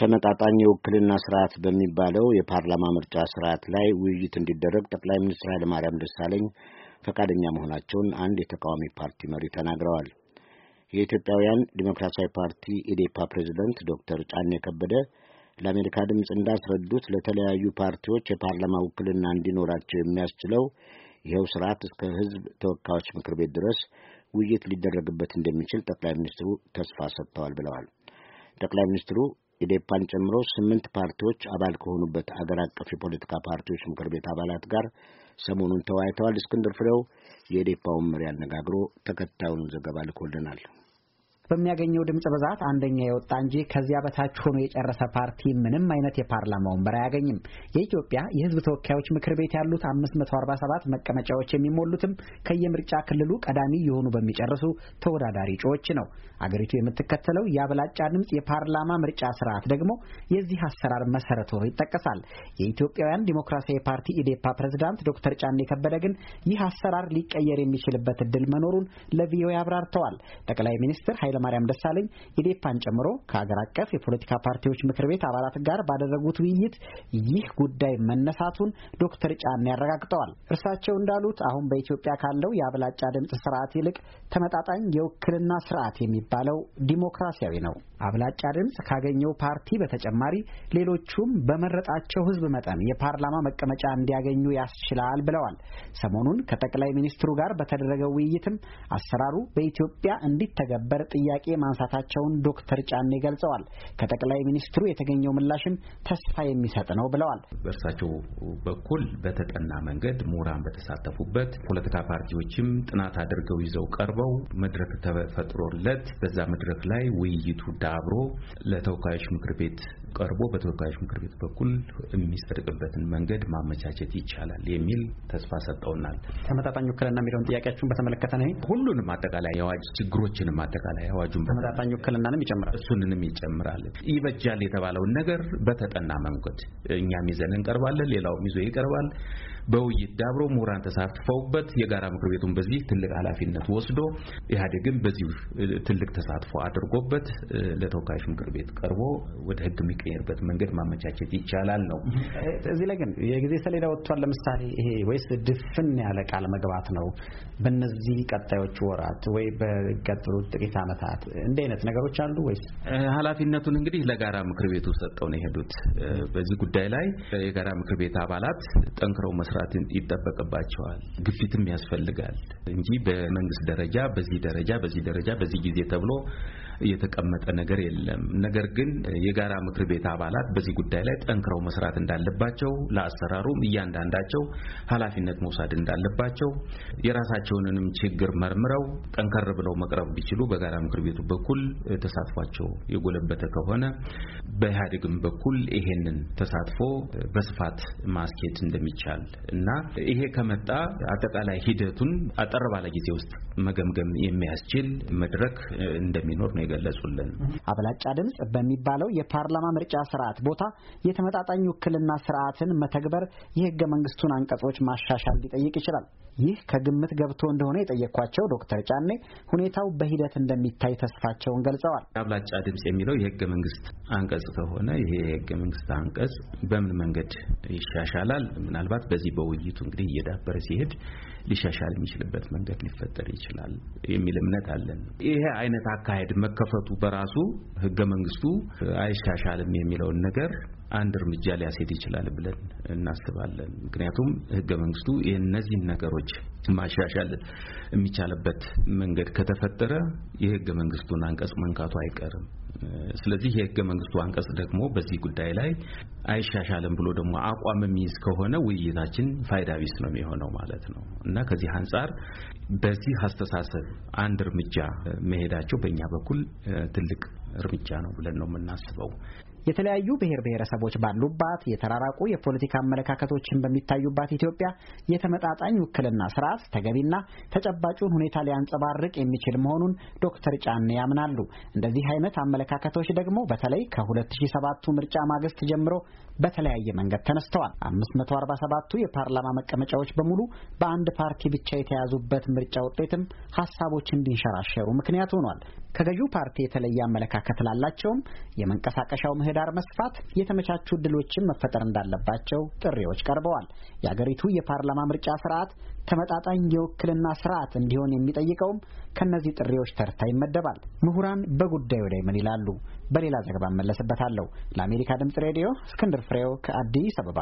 ተመጣጣኝ የውክልና ስርዓት በሚባለው የፓርላማ ምርጫ ስርዓት ላይ ውይይት እንዲደረግ ጠቅላይ ሚኒስትር ኃይለማርያም ደሳለኝ ፈቃደኛ መሆናቸውን አንድ የተቃዋሚ ፓርቲ መሪ ተናግረዋል። የኢትዮጵያውያን ዲሞክራሲያዊ ፓርቲ ኢዴፓ ፕሬዚደንት ዶክተር ጫኔ ከበደ ለአሜሪካ ድምፅ እንዳስረዱት ለተለያዩ ፓርቲዎች የፓርላማ ውክልና እንዲኖራቸው የሚያስችለው ይኸው ስርዓት እስከ ሕዝብ ተወካዮች ምክር ቤት ድረስ ውይይት ሊደረግበት እንደሚችል ጠቅላይ ሚኒስትሩ ተስፋ ሰጥተዋል ብለዋል። ጠቅላይ ሚኒስትሩ ኢዴፓን ጨምሮ ስምንት ፓርቲዎች አባል ከሆኑበት አገር አቀፍ የፖለቲካ ፓርቲዎች ምክር ቤት አባላት ጋር ሰሞኑን ተወያይተዋል። እስክንድር ፍሬው የኢዴፓውን መሪ አነጋግሮ ተከታዩን ዘገባ ልኮልናል። በሚያገኘው ድምፅ ብዛት አንደኛ የወጣ እንጂ ከዚያ በታች ሆኖ የጨረሰ ፓርቲ ምንም አይነት የፓርላማ ወንበር አያገኝም። የኢትዮጵያ የሕዝብ ተወካዮች ምክር ቤት ያሉት 547 መቀመጫዎች የሚሞሉትም ከየምርጫ ክልሉ ቀዳሚ የሆኑ በሚጨርሱ ተወዳዳሪ እጩዎች ነው። አገሪቱ የምትከተለው የአብላጫ ድምፅ የፓርላማ ምርጫ ስርዓት ደግሞ የዚህ አሰራር መሰረት ሆኖ ይጠቀሳል። የኢትዮጵያውያን ዲሞክራሲያዊ ፓርቲ ኢዴፓ ፕሬዝዳንት ዶክተር ጫኔ ከበደ ግን ይህ አሰራር ሊቀየር የሚችልበት እድል መኖሩን ለቪኦኤ አብራርተዋል። ጠቅላይ ሚኒስትር ኃይለ ኃይለማርያም ደሳለኝ ኢዴፓን ጨምሮ ከሀገር አቀፍ የፖለቲካ ፓርቲዎች ምክር ቤት አባላት ጋር ባደረጉት ውይይት ይህ ጉዳይ መነሳቱን ዶክተር ጫኔ ያረጋግጠዋል። እርሳቸው እንዳሉት አሁን በኢትዮጵያ ካለው የአብላጫ ድምፅ ስርዓት ይልቅ ተመጣጣኝ የውክልና ስርዓት የሚባለው ዲሞክራሲያዊ ነው። አብላጫ ድምፅ ካገኘው ፓርቲ በተጨማሪ ሌሎቹም በመረጣቸው ህዝብ መጠን የፓርላማ መቀመጫ እንዲያገኙ ያስችላል ብለዋል። ሰሞኑን ከጠቅላይ ሚኒስትሩ ጋር በተደረገው ውይይትም አሰራሩ በኢትዮጵያ እንዲተገበር ጥያ ጥያቄ ማንሳታቸውን ዶክተር ጫኔ ገልጸዋል። ከጠቅላይ ሚኒስትሩ የተገኘው ምላሽም ተስፋ የሚሰጥ ነው ብለዋል። በእርሳቸው በኩል በተጠና መንገድ ምሁራን በተሳተፉበት ፖለቲካ ፓርቲዎችም ጥናት አድርገው ይዘው ቀርበው መድረክ ተፈጥሮለት በዛ መድረክ ላይ ውይይቱ ዳብሮ ለተወካዮች ምክር ቤት ቀርቦ በተወካዮች ምክር ቤት በኩል የሚጸድቅበትን መንገድ ማመቻቸት ይቻላል የሚል ተስፋ ሰጠውናል። ተመጣጣኝ ውክልና የሚለውን ጥያቄያችሁን በተመለከተ ነው። ሁሉንም አጠቃላይ የአዋጅ ችግሮችንም አጠቃላይ አዋጁን ተመጣጣኝ ውክልናንም ይጨምራል፣ እሱንንም ይጨምራል። ይበጃል የተባለውን ነገር በተጠና መንገድ እኛም ይዘን እንቀርባለን፣ ሌላውም ይዞ ይቀርባል። በውይይት ዳብሮ ምሁራን ተሳትፈውበት የጋራ ምክር ቤቱን በዚህ ትልቅ ኃላፊነት ወስዶ ኢህአዴግም በዚህ ትልቅ ተሳትፎ አድርጎበት ለተወካዮች ምክር ቤት ቀርቦ ወደ ህግ የሚቀየርበት መንገድ ማመቻቸት ይቻላል ነው። እዚህ ላይ ግን የጊዜ ሰሌዳ ወጥቷል። ለምሳሌ ይሄ ወይስ ድፍን ያለ ቃል መግባት ነው? በእነዚህ ቀጣዮች ወራት ወይ በቀጥሉት ጥቂት ዓመታት እንዲህ አይነት ነገሮች አሉ ወይስ ኃላፊነቱን እንግዲህ ለጋራ ምክር ቤቱ ሰጠው ነው የሄዱት። በዚህ ጉዳይ ላይ የጋራ ምክር ቤት አባላት ጠንክረው መስራት መስራትን ይጠበቅባቸዋል። ግፊትም ያስፈልጋል እንጂ በመንግስት ደረጃ በዚህ ደረጃ በዚህ ደረጃ በዚህ ጊዜ ተብሎ የተቀመጠ ነገር የለም። ነገር ግን የጋራ ምክር ቤት አባላት በዚህ ጉዳይ ላይ ጠንክረው መስራት እንዳለባቸው፣ ለአሰራሩም እያንዳንዳቸው ኃላፊነት መውሰድ እንዳለባቸው፣ የራሳቸውንም ችግር መርምረው ጠንከር ብለው መቅረብ ቢችሉ በጋራ ምክር ቤቱ በኩል ተሳትፏቸው የጎለበተ ከሆነ በኢህአዴግም በኩል ይሄንን ተሳትፎ በስፋት ማስኬድ እንደሚቻል እና ይሄ ከመጣ አጠቃላይ ሂደቱን አጠር ባለ ጊዜ ውስጥ መገምገም የሚያስችል መድረክ እንደሚኖር ነው የገለጹልን። አብላጫ ድምጽ በሚባለው የፓርላማ ምርጫ ስርዓት ቦታ የተመጣጣኝ ውክልና ስርዓትን መተግበር የህገ መንግስቱን አንቀጾች ማሻሻል ሊጠይቅ ይችላል። ይህ ከግምት ገብቶ እንደሆነ የጠየኳቸው ዶክተር ጫኔ ሁኔታው በሂደት እንደሚታይ ተስፋቸውን ገልጸዋል። አብላጫ ድምፅ የሚለው የህገ መንግስት አንቀጽ ከሆነ ይሄ የህገ መንግስት አንቀጽ በምን መንገድ ይሻሻላል? ምናልባት በዚህ በውይይቱ እንግዲህ እየዳበረ ሲሄድ ሊሻሻል የሚችልበት መንገድ ሊፈጠር ይችላል የሚል እምነት አለን። ይሄ አይነት አካሄድ መከፈቱ በራሱ ህገ መንግስቱ አይሻሻልም የሚለውን ነገር አንድ እርምጃ ሊያስሄድ ይችላል ብለን እናስባለን። ምክንያቱም ህገ መንግስቱ የእነዚህን ነገሮች ማሻሻል የሚቻልበት መንገድ ከተፈጠረ የህገ መንግስቱን አንቀጽ መንካቱ አይቀርም። ስለዚህ የህገ መንግስቱ አንቀጽ ደግሞ በዚህ ጉዳይ ላይ አይሻሻልም ብሎ ደግሞ አቋም የሚይዝ ከሆነ ውይይታችን ፋይዳ ቢስ ነው የሚሆነው ማለት ነው እና ከዚህ አንጻር በዚህ አስተሳሰብ አንድ እርምጃ መሄዳቸው በእኛ በኩል ትልቅ እርምጃ ነው ብለን ነው የምናስበው። የተለያዩ ብሔር ብሔረሰቦች ባሉባት የተራራቁ የፖለቲካ አመለካከቶችን በሚታዩባት ኢትዮጵያ የተመጣጣኝ ውክልና ስርዓት ተገቢና ተጨባጩን ሁኔታ ሊያንጸባርቅ የሚችል መሆኑን ዶክተር ጫኔ ያምናሉ። እንደዚህ አይነት አመለካከቶች ደግሞ በተለይ ከ2007ቱ ምርጫ ማግስት ጀምሮ በተለያየ መንገድ ተነስተዋል። 547ቱ የፓርላማ መቀመጫዎች በሙሉ በአንድ ፓርቲ ብቻ የተያዙበት ምርጫ ውጤትም ሀሳቦች እንዲንሸራሸሩ ምክንያት ሆኗል። ከገዢው ፓርቲ የተለየ አመለካከት ላላቸውም የመንቀሳቀሻው ምህዳር መስፋት፣ የተመቻቹ እድሎችን መፈጠር እንዳለባቸው ጥሪዎች ቀርበዋል። የአገሪቱ የፓርላማ ምርጫ ስርዓት ተመጣጣኝ የውክልና ስርዓት እንዲሆን የሚጠይቀውም ከእነዚህ ጥሪዎች ተርታ ይመደባል። ምሁራን በጉዳዩ ላይ ምን ይላሉ? በሌላ ዘገባ እመለስበታለሁ። ለአሜሪካ ድምጽ ሬዲዮ እስክንድር ፍሬው ከአዲስ አበባ